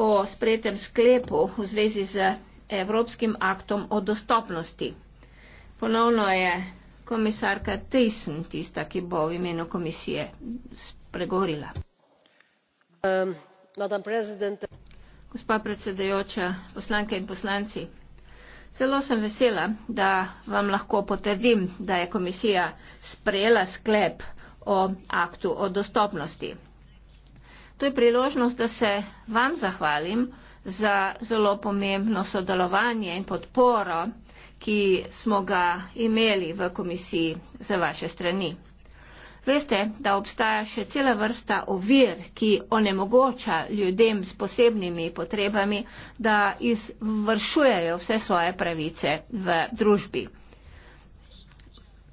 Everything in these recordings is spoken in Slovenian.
o sprejetem sklepu v zvezi z Evropskim aktom o dostopnosti. Ponovno je komisarka Tyson tista, ki bo v imenu komisije spregovorila. Um, Gospa predsedujoča, poslanke in poslanci, zelo sem vesela, da vam lahko potrdim, da je komisija sprejela sklep o aktu o dostopnosti. To je priložnost, da se vam zahvalim za zelo pomembno sodelovanje in podporo, ki smo ga imeli v komisiji za vaše strani. Veste, da obstaja še cela vrsta ovir, ki onemogoča ljudem s posebnimi potrebami, da izvršujejo vse svoje pravice v družbi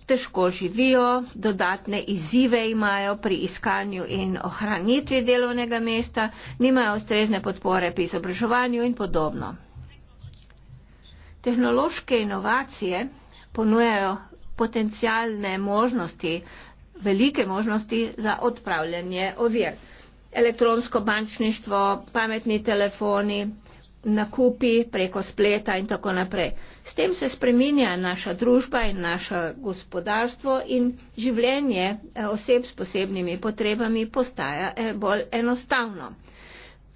težko živijo, dodatne izzive imajo pri iskanju in ohranitvi delovnega mesta, nimajo ustrezne podpore pri izobraževanju in podobno. Tehnološke inovacije ponujajo potencijalne možnosti, velike možnosti za odpravljanje ovir. Elektronsko bančništvo, pametni telefoni, nakupi preko spleta in tako naprej. S tem se spreminja naša družba in naše gospodarstvo in življenje eh, oseb s posebnimi potrebami postaja eh, bolj enostavno.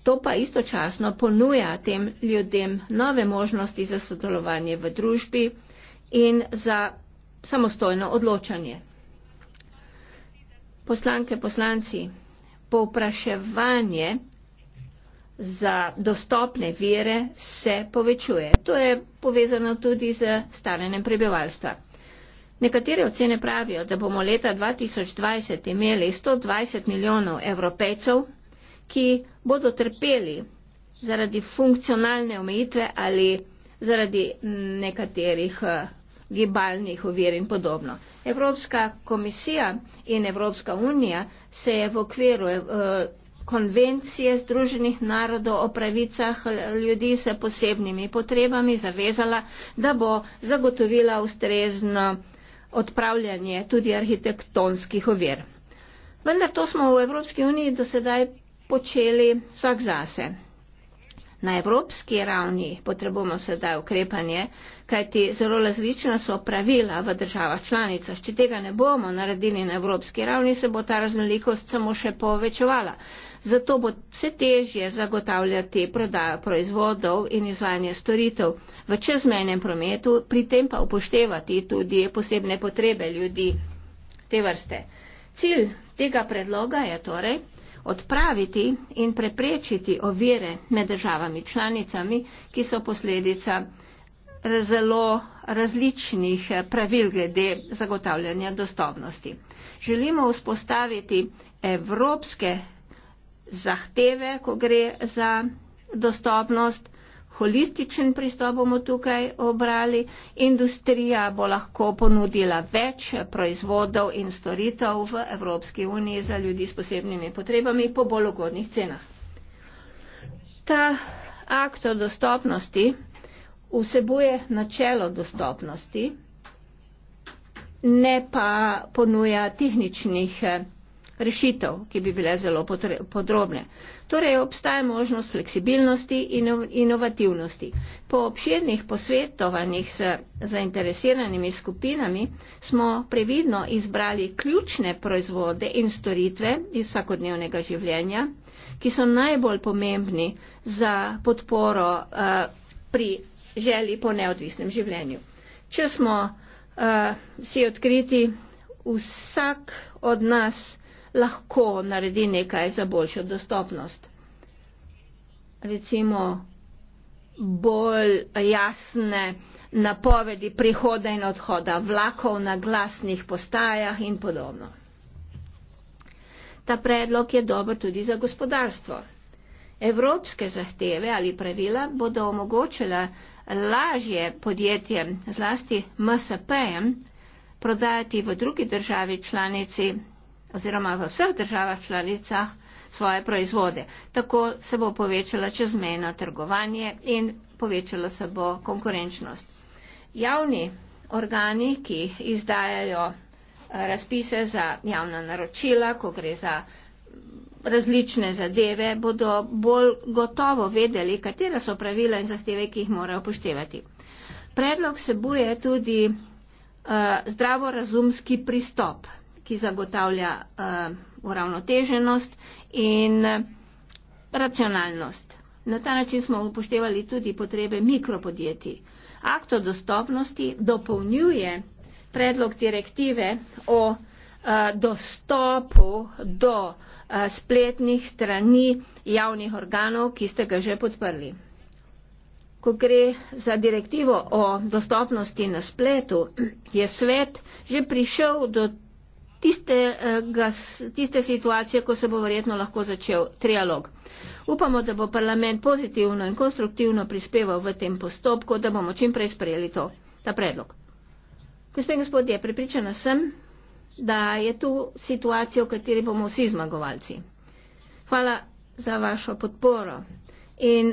To pa istočasno ponuja tem ljudem nove možnosti za sodelovanje v družbi in za samostojno odločanje. Poslanke, poslanci, povpraševanje po za dostopne vere se povečuje. To je povezano tudi z staranjem prebivalstva. Nekatere ocene pravijo, da bomo leta 2020 imeli 120 milijonov evropejcev, ki bodo trpeli zaradi funkcionalne omejitve ali zaradi nekaterih eh, gibalnih uvir in podobno. Evropska komisija in Evropska unija se je v okviru eh, konvencije Združenih narodov o pravicah ljudi s posebnimi potrebami zavezala, da bo zagotovila ustrezno odpravljanje tudi arhitektonskih ovir. Vendar to smo v Evropski uniji do sedaj počeli vsak zase. Na evropski ravni potrebujemo sedaj ukrepanje, kajti zelo različna so pravila v državah članicah. Če tega ne bomo naredili na evropski ravni, se bo ta raznolikost samo še povečevala zato bo vse težje zagotavljati prodajo proizvodov in izvajanje storitev v čezmenjem prometu, pri tem pa upoštevati tudi posebne potrebe ljudi te vrste. Cilj tega predloga je torej odpraviti in preprečiti ovire med državami članicami, ki so posledica zelo različnih eh, pravil glede zagotavljanja dostopnosti. Želimo vzpostaviti evropske zahteve, ko gre za dostopnost. Holističen pristop bomo tukaj obrali. Industrija bo lahko ponudila več proizvodov in storitev v Evropski uniji za ljudi s posebnimi potrebami po bolj ugodnih cenah. Ta akt o dostopnosti vsebuje načelo dostopnosti, ne pa ponuja tehničnih rešitev, ki bi bile zelo podrobne. Torej obstaja možnost fleksibilnosti in inovativnosti. Po obširnih posvetovanjih s zainteresiranimi skupinami smo previdno izbrali ključne proizvode in storitve iz vsakodnevnega življenja, ki so najbolj pomembni za podporo uh, pri želi po neodvisnem življenju. Če smo uh, eh, vsi odkriti, vsak od nas lahko naredi nekaj za boljšo dostopnost. Recimo bolj jasne napovedi prihoda in odhoda vlakov na glasnih postajah in podobno. Ta predlog je dober tudi za gospodarstvo. Evropske zahteve ali pravila bodo omogočila lažje podjetjem, zlasti MSP-jem, prodajati v drugi državi članici oziroma v vseh državah članicah svoje proizvode. Tako se bo povečala čezmejno trgovanje in povečala se bo konkurenčnost. Javni organi, ki izdajajo eh, razpise za javna naročila, ko gre za mm, različne zadeve, bodo bolj gotovo vedeli, katera so pravila in zahteve, ki jih morajo upoštevati. Predlog se buje tudi uh, zdravorazumski pristop ki zagotavlja uh, uravnoteženost in eh, racionalnost. Na ta način smo upoštevali tudi potrebe mikropodjetij. Akt o dostopnosti dopolnjuje predlog direktive o eh, dostopu do spletnih strani javnih organov, ki ste ga že podprli. Ko gre za direktivo o dostopnosti na spletu, je svet že prišel do tiste, eh, tiste situacije, ko se bo verjetno lahko začel trialog. Upamo, da bo parlament pozitivno in konstruktivno prispeval v tem postopku, da bomo čim prej sprejeli to, ta predlog. Gospod in gospodje, prepričana sem, da je tu situacija, v kateri bomo vsi zmagovalci. Hvala za vašo podporo. In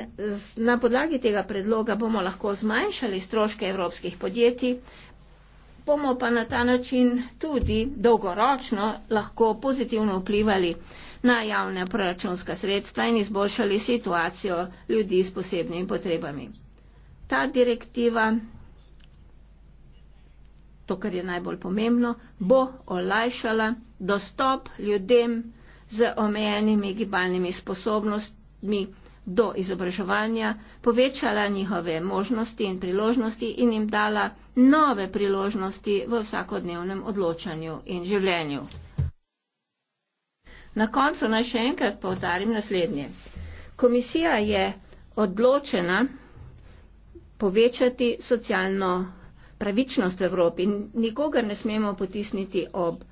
na podlagi tega predloga bomo lahko zmanjšali stroške evropskih podjetij, bomo pa na ta način tudi dolgoročno lahko pozitivno vplivali na javne proračunska sredstva in izboljšali situacijo ljudi s posebnimi potrebami. Ta direktiva, to, kar je najbolj pomembno, bo olajšala dostop ljudem z omejenimi gibalnimi sposobnostmi do izobraževanja, povečala njihove možnosti in priložnosti in jim dala nove priložnosti v vsakodnevnem odločanju in življenju. Na koncu naj še enkrat povdarim naslednje. Komisija je odločena povečati socialno pravičnost v Evropi. Nikogar ne smemo potisniti ob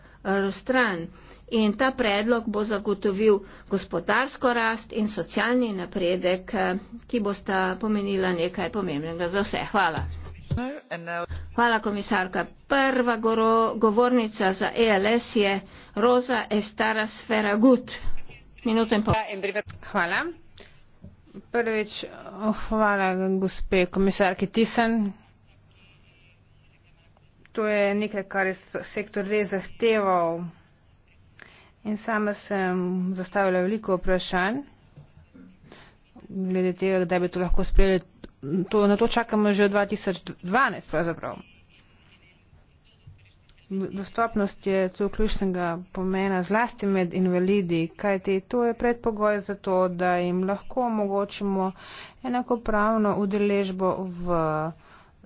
stran in ta predlog bo zagotovil gospodarsko rast in socialni napredek, eh, ki bosta pomenila nekaj pomembnega za vse. Hvala. Hvala, komisarka. Prva goro, govornica za ELS je Roza Estara Sferagut. Minuto in pol. Hvala. Prvič, oh, hvala gospe komisarki Tisen. To je nekaj, kar je sektor res zahteval In sama sem zastavila veliko vprašanj glede tega, kdaj bi to lahko sprejeli. To, na to čakamo že od 2012 pravzaprav. Dostopnost je tu ključnega pomena zlasti med invalidi, kajte to je predpogoj za to, da jim lahko omogočimo enakopravno udeležbo v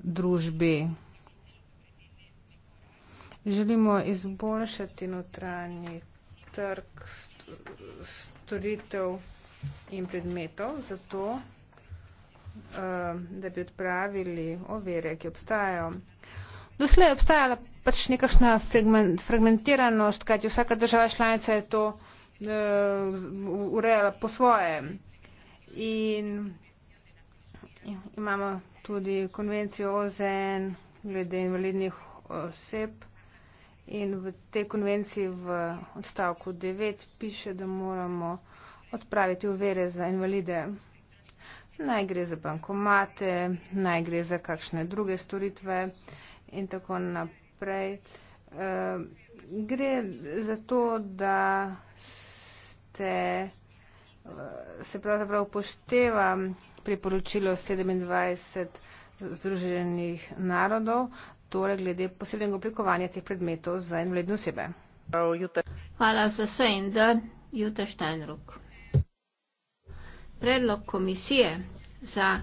družbi. Želimo izboljšati notranji trg storitev in predmetov, zato eh, da bi odpravili overje, ki obstajajo. Doslej je obstajala pač nekakšna fragmentiranost, kajti vsaka država članica je to eh, urejala po svoje. In imamo tudi konvencijo OZN glede invalidnih oseb. In v tej konvenciji v odstavku 9 piše, da moramo odpraviti uvere za invalide. Naj gre za bankomate, naj gre za kakšne druge storitve in tako naprej. E, gre za to, da ste, eh, se pravzaprav upošteva priporočilo 27 združenih narodov torej glede posebnega oblikovanja teh predmetov za invalidne osebe. Hvala za vse in da, Juta Steinruck. Predlog komisije za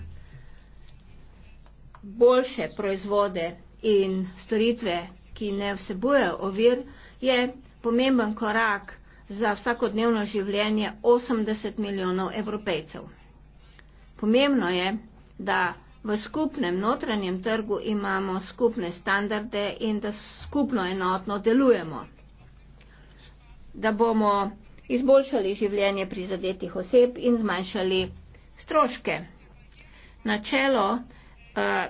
boljše proizvode in storitve, ki ne vsebujejo ovir, je pomemben korak za vsakodnevno življenje 80 milijonov evropejcev. Pomembno je, da v skupnem notranjem trgu imamo skupne standarde in da skupno enotno delujemo. Da bomo izboljšali življenje prizadetih oseb in zmanjšali stroške. Načelo uh,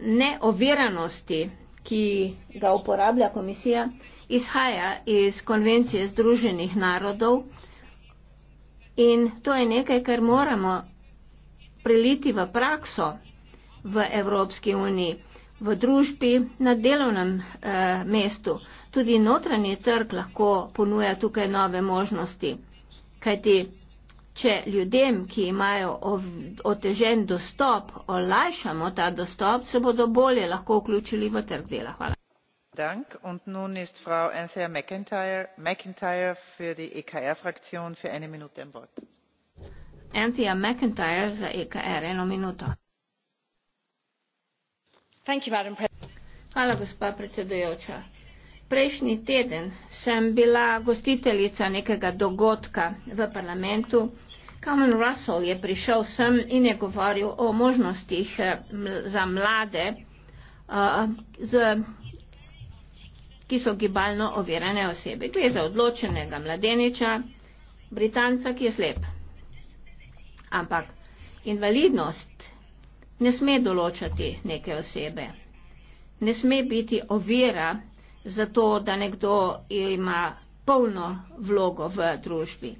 neoviranosti, ki ga uporablja komisija, izhaja iz konvencije Združenih narodov in to je nekaj, kar moramo preliti v prakso v Evropski uniji, v družbi, na delovnem eh, mestu. Tudi notranji trg lahko ponuja tukaj nove možnosti. Kajti, če ljudem, ki imajo ov, otežen dostop, olajšamo ta dostop, se bodo bolje lahko vključili v trg dela. Hvala. Dank und nun ist Frau Anthea McIntyre, McIntyre für die EKR-Fraktion für eine Minute im Wort. Anthea McIntyre za EKR eno minuto. Hvala, gospa predsedujoča. Prejšnji teden sem bila gostiteljica nekega dogodka v parlamentu. Common Russell je prišel sem in je govoril o možnostih eh, za mlade, eh, ki so gibalno ovirane osebe. Gre za odločenega mladeniča, Britanca, ki je slep. Ampak invalidnost ne sme določati neke osebe. Ne sme biti ovira za to, da nekdo ima polno vlogo v družbi.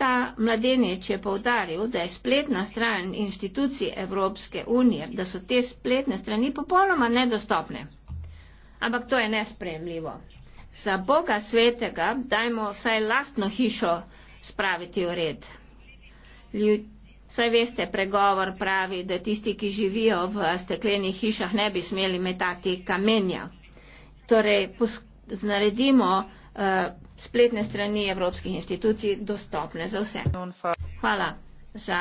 Ta mladenič je povdaril, da je spletna stran inštitucij Evropske unije, da so te spletne strani popolnoma nedostopne. Ampak to je nespremljivo. Za Boga svetega dajmo vsaj lastno hišo spraviti v red. Ljud Saj veste, pregovor pravi, da tisti, ki živijo v steklenih hišah, ne bi smeli metati kamenja. Torej, naredimo uh, spletne strani evropskih institucij dostopne za vse. Hvala za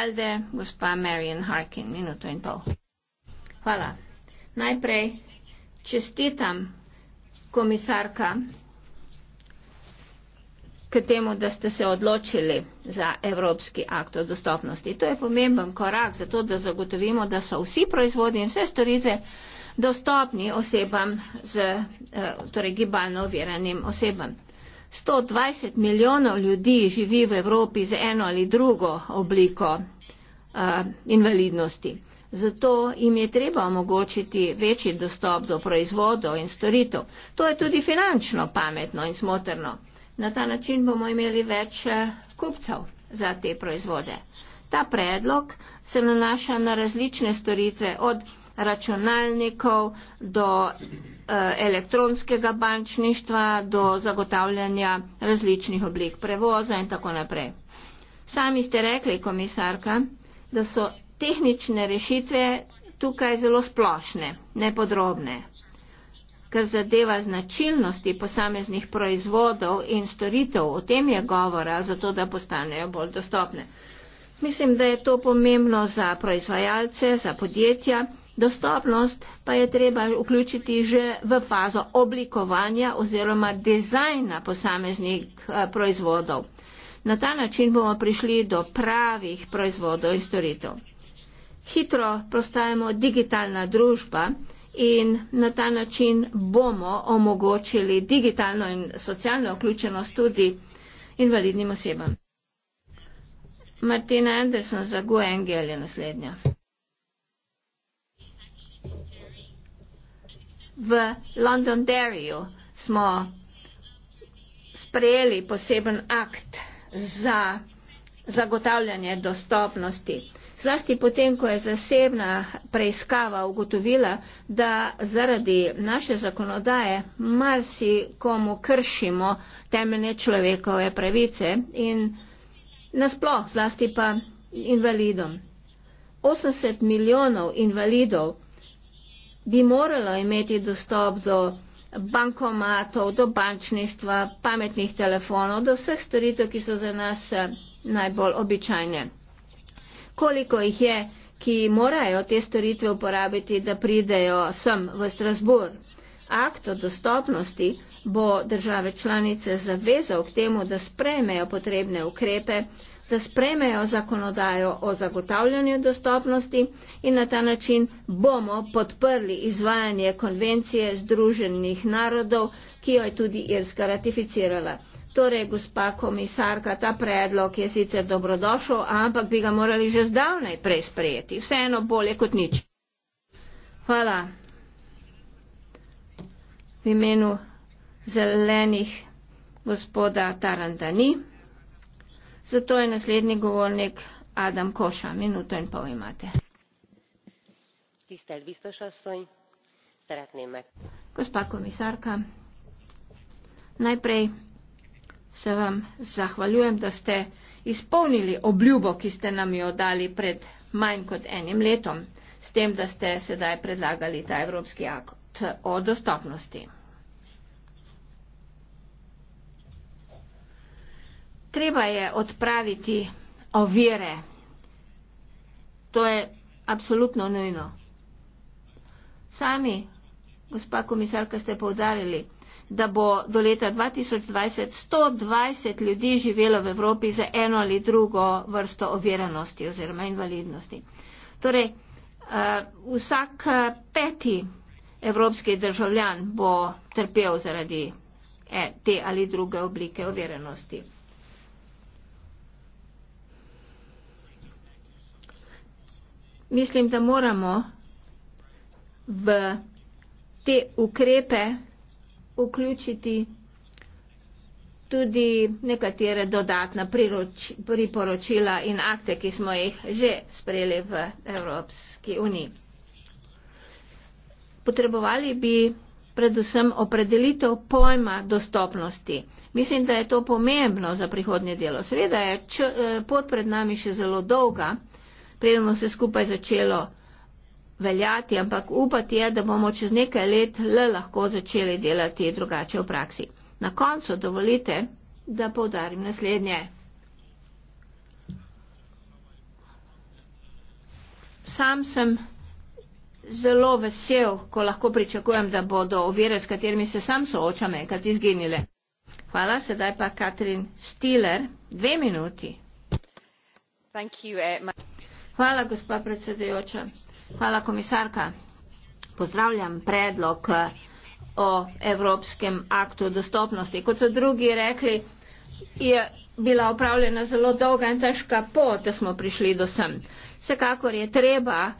Alde, gospa Marion Harkin, minuto in pol. Hvala. Najprej čestitam komisarka k temu, da ste se odločili za Evropski akt o dostopnosti. To je pomemben korak za to, da zagotovimo, da so vsi proizvodi in vse storitve dostopni osebam, z, eh, torej gibalno oviranim osebam. 120 milijonov ljudi živi v Evropi z eno ali drugo obliko uh, invalidnosti. Zato jim je treba omogočiti večji dostop do proizvodov in storitev. To je tudi finančno pametno in smotrno. Na ta način bomo imeli več eh, kupcev za te proizvode. Ta predlog se nanaša na različne storitve od računalnikov do eh, elektronskega bančništva, do zagotavljanja različnih oblik prevoza in tako naprej. Sami ste rekli, komisarka, da so tehnične rešitve tukaj zelo splošne, nepodrobne kar zadeva značilnosti posameznih proizvodov in storitev, o tem je govora, zato da postanejo bolj dostopne. Mislim, da je to pomembno za proizvajalce, za podjetja. Dostopnost pa je treba vključiti že v fazo oblikovanja oziroma dizajna posameznih eh, proizvodov. Na ta način bomo prišli do pravih proizvodov in storitev. Hitro postajamo digitalna družba, in na ta način bomo omogočili digitalno in socialno vključenost tudi invalidnim osebam. Martina Anderson za Goengel je naslednja. V Londonderryju smo sprejeli poseben akt za zagotavljanje dostopnosti. Zlasti potem, ko je zasebna preiskava ugotovila, da zaradi naše zakonodaje marsi komu kršimo temeljne človekove pravice in nasploh, zlasti pa invalidom. 80 milijonov invalidov bi moralo imeti dostop do bankomatov, do bančništva, pametnih telefonov, do vseh storitev, ki so za nas eh, najbolj običajne koliko jih je, ki morajo te storitve uporabiti, da pridejo sem v Strasbourg. Akt o dostopnosti bo države članice zavezal k temu, da sprejmejo potrebne ukrepe, da sprejmejo zakonodajo o zagotavljanju dostopnosti in na ta način bomo podprli izvajanje konvencije Združenih narodov, ki jo je tudi Irska ratificirala. Torej, gospa komisarka, ta predlog je sicer dobrodošel, ampak bi ga morali že zdavnaj prej sprejeti. Vseeno bolje kot nič. Hvala. V imenu zelenih gospoda Taranda ni. Zato je naslednji govornik Adam Koša. Minuto in pol imate. Tistel, soj, gospa komisarka, najprej se vam zahvaljujem, da ste izpolnili obljubo, ki ste nam jo dali pred manj kot enim letom, s tem, da ste sedaj predlagali ta evropski akt o dostopnosti. Treba je odpraviti ovire. To je absolutno nujno. Sami, gospa komisarka, ste povdarili, da bo do leta 2020 120 ljudi živelo v Evropi za eno ali drugo vrsto oviranosti oziroma invalidnosti. Torej, uh, vsak eh, peti evropski državljan bo trpel zaradi eh, te ali druge oblike oviranosti. Mislim, da moramo v te ukrepe vključiti tudi nekatere dodatna priporočila in akte, ki smo jih že sprejeli v Evropski uniji. Potrebovali bi predvsem opredelitev pojma dostopnosti. Mislim, da je to pomembno za prihodnje delo. Seveda je eh, pot pred nami še zelo dolga, predem se skupaj začelo veljati, ampak upati je, da bomo čez nekaj let le lahko začeli delati drugače v praksi. Na koncu dovolite, da povdarim naslednje. Sam sem zelo vesel, ko lahko pričakujem, da bodo ovire, s katerimi se sam soočam, enkrat izginile. Hvala, sedaj pa Katrin Stiller, dve minuti. Eh, Hvala, gospa predsedujoča. Hvala, komisarka. Pozdravljam predlog eh, o evropskem aktu dostopnosti. Kot so drugi rekli, je bila upravljena zelo dolga in težka pot, da smo prišli do sem. Vsekakor je treba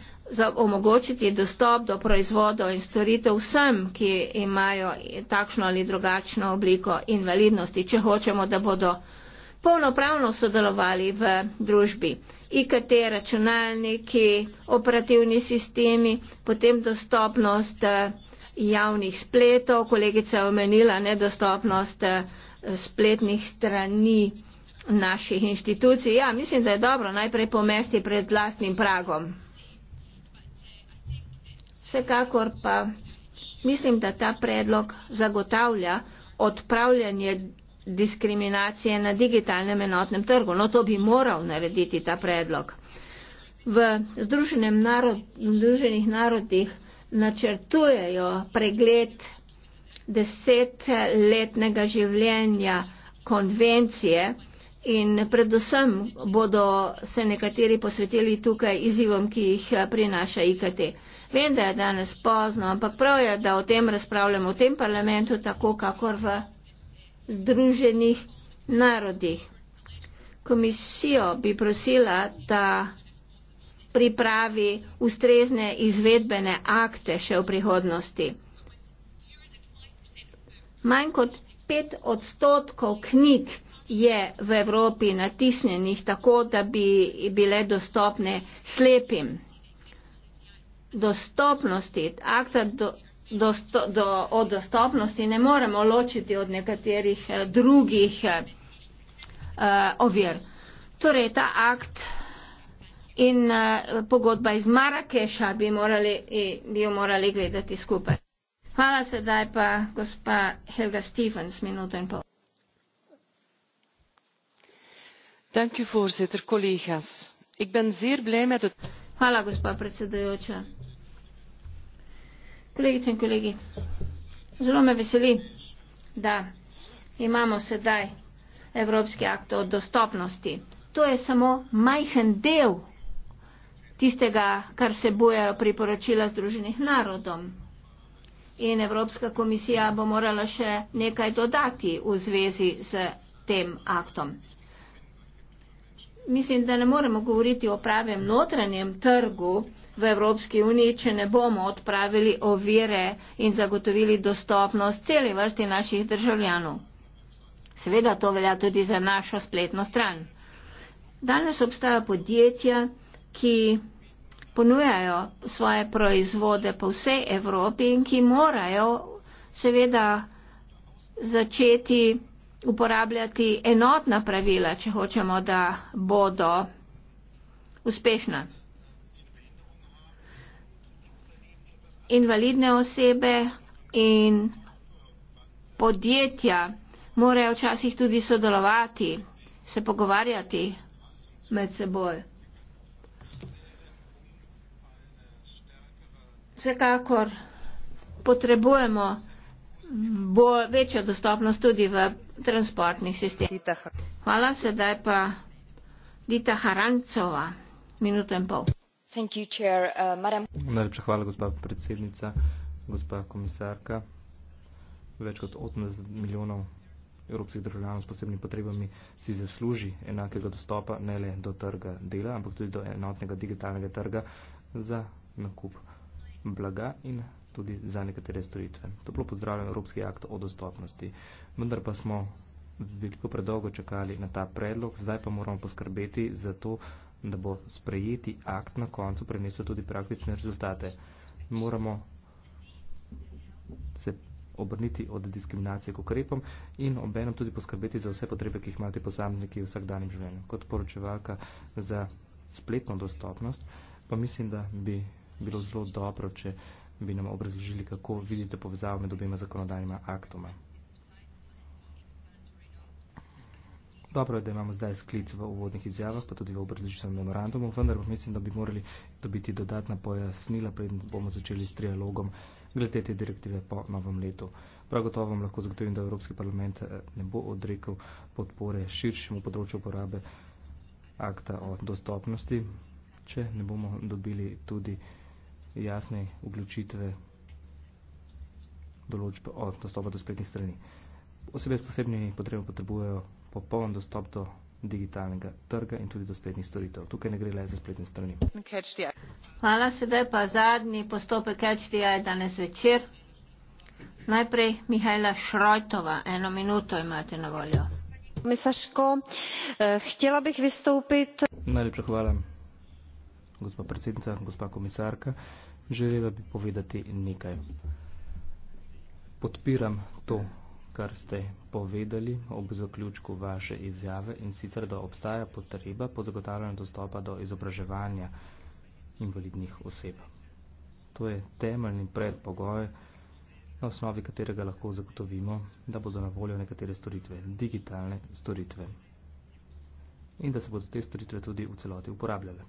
omogočiti dostop do proizvodov in storitev vsem, ki imajo takšno ali drugačno obliko invalidnosti, če hočemo, da bodo polnopravno sodelovali v družbi. IKT računalniki, operativni sistemi, potem dostopnost eh, javnih spletov, kolegica je omenila nedostopnost eh, spletnih strani naših inštitucij. Ja, mislim, da je dobro najprej pomesti pred vlastnim pragom. Vsekakor pa mislim, da ta predlog zagotavlja odpravljanje diskriminacije na digitalnem enotnem trgu. No, to bi moral narediti ta predlog. V Združenih narodih načrtujejo pregled desetletnega življenja konvencije in predvsem bodo se nekateri posvetili tukaj izzivom, ki jih prinaša IKT. Vem, da je danes pozno, ampak prav je, da o tem razpravljamo v tem parlamentu tako, kakor v Združenih narodih. Komisijo bi prosila, da pripravi ustrezne izvedbene akte še v prihodnosti. Manj kot pet odstotkov knjig je v Evropi natisnjenih tako, da bi bile dostopne slepim. Dostopnosti, akta do, dosto, do, od dostopnosti ne moremo ločiti od nekaterih eh, drugih uh, ovir. Torej, ta akt in uh, pogodba iz Marakeša bi, morali, bi jo morali gledati skupaj. Hvala sedaj pa gospa Helga Stevens, minuto in pol. Thank you, voorzitter, collega's. Ik ben zeer blij met het. Hvala, gospa predsedujoča. Kolegice in kolegi, zelo me veseli, da imamo sedaj Evropski akt o dostopnosti. To je samo majhen del tistega, kar se bojajo priporočila Združenih narodom. In Evropska komisija bo morala še nekaj dodati v zvezi z tem aktom. Mislim, da ne moremo govoriti o pravem notranjem trgu, v Evropski uniji, če ne bomo odpravili ovire in zagotovili dostopnost celi vrsti naših državljanov. Seveda to velja tudi za našo spletno stran. Danes obstaja podjetja, ki ponujajo svoje proizvode po vsej Evropi in ki morajo seveda začeti uporabljati enotna pravila, če hočemo, da bodo uspešna. invalidne osebe in podjetja morajo včasih tudi sodelovati, se pogovarjati med seboj. Vsekakor potrebujemo bo večjo dostopnost tudi v transportnih sistemih. Hvala, sedaj pa Dita Harancova, minuto in pol. Thank you, chair. Uh, madam... Najlepša hvala, gospa predsednica, gospa komisarka. Več kot 80 milijonov evropskih državljanov s posebnimi potrebami si zasluži enakega dostopa ne le do trga dela, ampak tudi do enotnega digitalnega trga za nakup blaga in tudi za nekatere storitve. Toplo pozdravljam Evropski akt o dostopnosti. Vendar pa smo veliko predolgo čakali na ta predlog, zdaj pa moramo poskrbeti za to, da bo sprejeti akt na koncu prinesel tudi praktične rezultate. Moramo se obrniti od diskriminacije k ukrepom in obenem tudi poskrbeti za vse potrebe, ki jih imate posamezniki v vsakdanjem življenju. Kot poročevalka za spletno dostopnost, pa mislim, da bi bilo zelo dobro, če bi nam obrazložili, kako vidite povezavo med obema zakonodajnima aktoma. Dobro je, da imamo zdaj sklic v uvodnih izjavah, pa tudi v obrazočitem memorandumu, vendar pa mislim, da bi morali dobiti dodatna pojasnila, preden bomo začeli s trialogom glede te direktive po novem letu. Prav gotovo vam lahko zagotovim, da Evropski parlament eh, ne bo odrekel podpore širšemu področju uporabe akta o dostopnosti, če ne bomo dobili tudi jasne vključitve določb o dostopu do spletnih strani osebe s posebnimi potrebami potrebujejo popoln dostop do digitalnega trga in tudi do spletnih storitev. Tukaj ne gre le za spletne strani. Hvala, sedaj pa zadnji postopek CatchDI danes večer. Najprej Mihajla Šrojtova, eno minuto imate na voljo. Misaško, eh, htjela bih vystoupiti. Najlepša hvala, gospa predsednica, gospa komisarka. Želela bi povedati nekaj. Podpiram to kar ste povedali ob zaključku vaše izjave in sicer, da obstaja potreba po zagotavljanju dostopa do izobraževanja invalidnih oseb. To je temeljni predpogoj, na osnovi katerega lahko zagotovimo, da bodo na voljo nekatere storitve, digitalne storitve in da se bodo te storitve tudi v celoti uporabljale.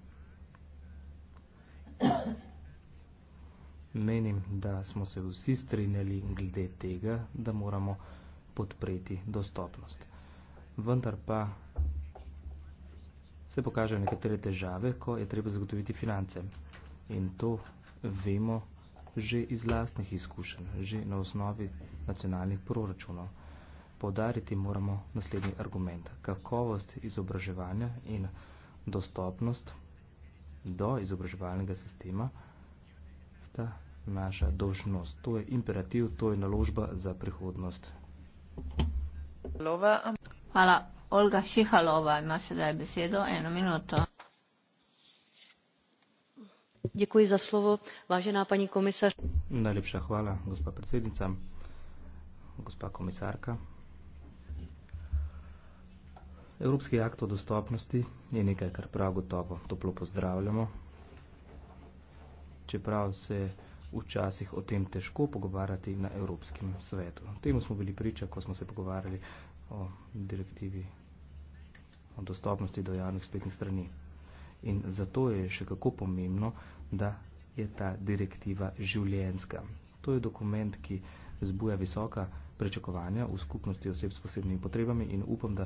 Menim, da smo se vsi strinjali glede tega, da moramo podpreti dostopnost. Vendar pa se pokažejo nekatere težave, ko je treba zagotoviti finance. In to vemo že iz lastnih izkušenj, že na osnovi nacionalnih proračunov. Podariti moramo naslednji argument. Kakovost izobraževanja in dostopnost do izobraževalnega sistema ta naša dožnost. To je imperativ, to je naložba za prihodnost. Hvala. Olga Šihalova ima sedaj besedo, eno minuto. Děkuji za slovo, vážená paní komisař. Najlepša hvala, gospa predsednica, gospa komisarka. Evropski akt o dostopnosti je nekaj, kar prav gotovo toplo pozdravljamo čeprav se včasih o tem težko pogovarjati na Evropskem svetu. Temu smo bili priča, ko smo se pogovarjali o direktivi o dostopnosti do javnih spletnih strani. In zato je še kako pomembno, da je ta direktiva življenska. To je dokument, ki zbuja visoka prečakovanja v skupnosti oseb s posebnimi potrebami in upam, da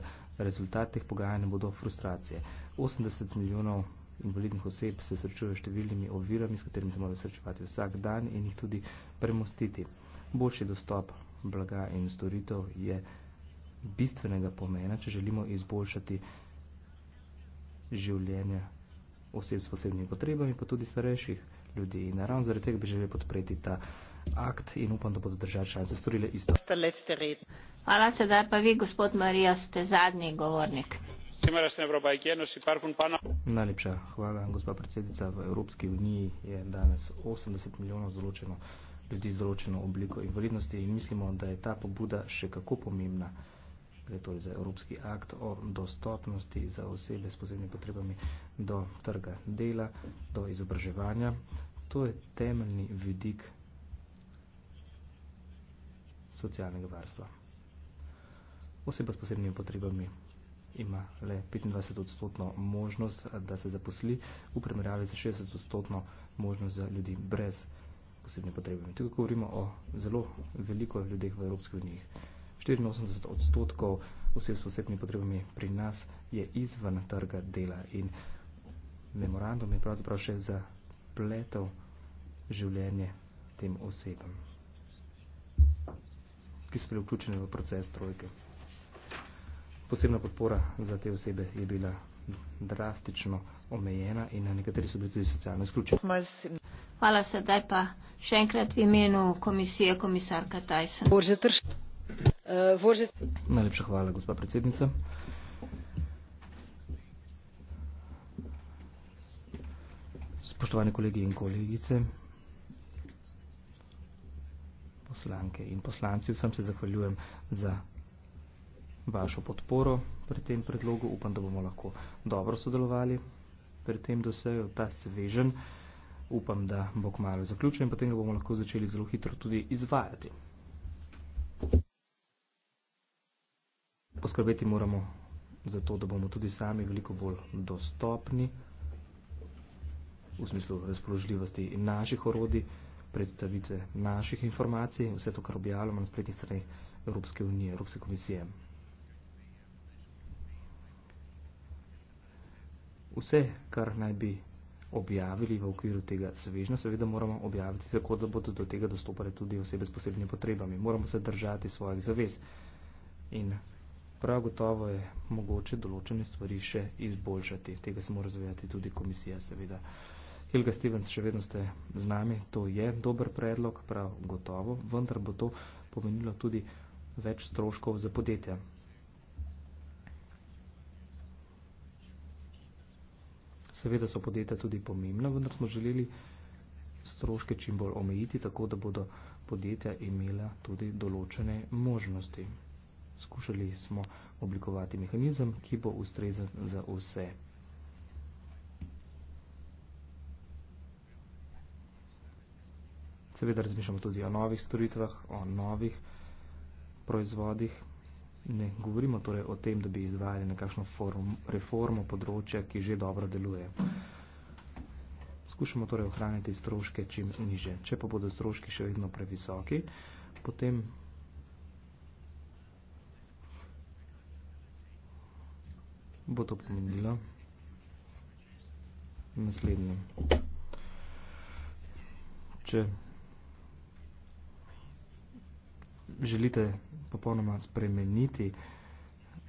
rezultat teh pogajanj bodo frustracije. 80 milijonov invalidnih oseb se srečuje številnimi ovirami, s katerimi se mora srečevati vsak dan in jih tudi premostiti. Boljši dostop blaga in storitev je bistvenega pomena, če želimo izboljšati življenje oseb s posebnimi potrebami, pa tudi starejših ljudi. In naravno zaradi tega bi želeli podpreti ta akt in upam, da bodo države članice storile isto. Hvala, sedaj pa vi, gospod Marija, ste zadnji govornik. Σήμερα στην Ευρωπαϊκή Ένωση υπάρχουν πάνω. Najlepša hvala, gospa predsednica. V Evropski uniji je danes 80 milijonov zločeno, ljudi z zločeno obliko invalidnosti in mislimo, da je ta pobuda še kako pomembna. Gre torej za Evropski akt o dostopnosti za osebe s posebnimi potrebami do trga dela, do izobraževanja. To je temeljni vidik socialnega varstva. Oseba s posebnimi potrebami ima le 25-odstotno možnost, da se zaposli, v primerjavi za 60-odstotno možnost za ljudi brez posebne potrebe. Tukaj govorimo o zelo veliko ljudeh v Evropskih uniji. 84 odstotkov osev s posebnimi potrebami pri nas je izven trga dela in memorandum je pravzaprav še zapletel življenje tem osebam, ki so bili vključeni v proces trojke posebna podpora za te osebe je bila drastično omejena in na nekateri so bili tudi socialno izključeni. Hvala sedaj pa še enkrat v imenu komisije komisarka Tyson. Eh, Najlepša hvala, gospa predsednica. Spoštovane kolegi in kolegice, poslanke in poslanci, vsem se zahvaljujem za vašo podporo pri tem predlogu. Upam, da bomo lahko dobro sodelovali pri tem, da se je ta svežen. Upam, da bo kmalo zaključen in potem ga bomo lahko začeli zelo hitro tudi izvajati. Poskrbeti moramo za to, da bomo tudi sami veliko bolj dostopni v smislu razpoložljivosti naših orodij, predstavitve naših informacij, vse to, kar objavljamo na spletnih stranih Evropske unije, Evropske komisije. vse, kar naj bi objavili v okviru tega svežna, seveda moramo objaviti tako, da bodo do tega dostopali tudi osebe s posebnimi potrebami. Moramo se držati svojih zavez. In prav gotovo je mogoče določene stvari še izboljšati. Tega se mora razvijati tudi komisija, seveda. Helga Stevens, še vedno ste z nami, to je dober predlog, prav gotovo, vendar bo to pomenilo tudi več stroškov za podjetja. Seveda so podjetja tudi pomembna, vendar smo želeli stroške čim bolj omejiti, tako da bodo podjetja imela tudi določene možnosti. Skušali smo oblikovati mehanizem, ki bo ustrezen za vse. Seveda razmišljamo tudi o novih storitvah, o novih proizvodih. Ne, govorimo torej o tem, da bi izvajali nekakšno form, reformo področja, ki že dobro deluje. Skušamo torej ohraniti stroške čim niže. Če pa bodo stroški še vedno previsoki, potem bo to pomenilo naslednje. Če želite popolnoma spremeniti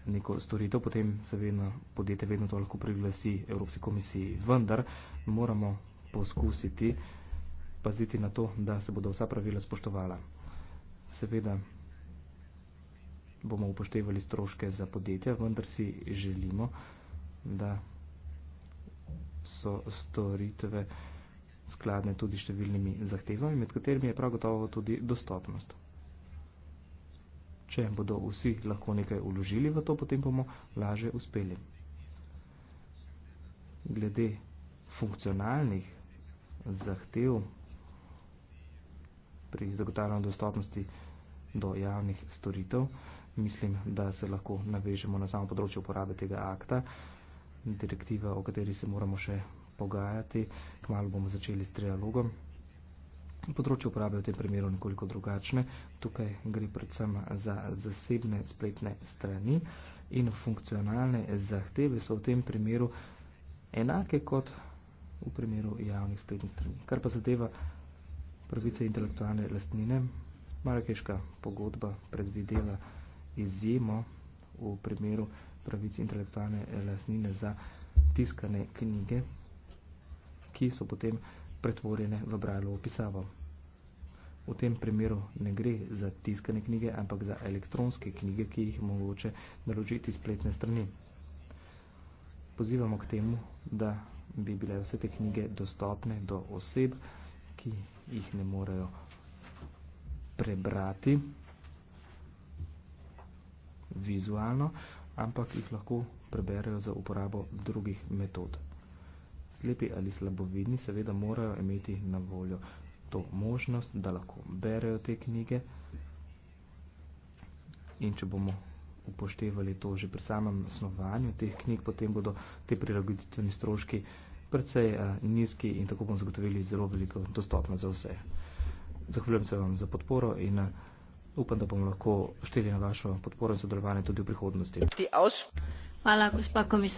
neko storitev, potem se vedno podjetje vedno to lahko priglasi Evropski komisiji. Vendar moramo poskusiti paziti na to, da se bodo vsa pravila spoštovala. Seveda bomo upoštevali stroške za podjetja, vendar si želimo, da so storitve skladne tudi številnimi zahtevami, med katerimi je prav gotovo tudi dostopnost. Če bodo vsi lahko nekaj uložili v to, potem bomo laže uspeli. Glede funkcionalnih zahtev pri zagotavljanju dostopnosti do javnih storitev, mislim, da se lahko navežemo na samo področje uporabe tega akta, direktiva, o kateri se moramo še pogajati, kmalo bomo začeli s trialogom področje uporabe v tem primeru nekoliko drugačne. Tukaj gre predvsem za zasebne spletne strani in funkcionalne zahteve so v tem primeru enake kot v primeru javnih spletnih strani. Kar pa zadeva pravice intelektualne lastnine, Marakeška pogodba predvideva izjemo v primeru pravice intelektualne lastnine za tiskane knjige, ki so potem pretvorjene v brajlovo pisavo. V tem primeru ne gre za tiskane knjige, ampak za elektronske knjige, ki jih mogoče naročiti spletne strani. Pozivamo k temu, da bi bile vse te knjige dostopne do oseb, ki jih ne morejo prebrati vizualno, ampak jih lahko preberejo za uporabo drugih metod slepi ali slabovidni seveda morajo imeti na voljo to možnost, da lahko berejo te knjige. In če bomo upoštevali to že pri samem snovanju teh knjig, potem bodo te prilagoditveni stroški precej eh, nizki in tako bomo zagotovili zelo veliko dostopnost za vse. Zahvaljujem se vam za podporo in eh, upam, da bomo lahko šteli na vašo podporo in sodelovanje tudi v prihodnosti. Hvala, gospa komisar.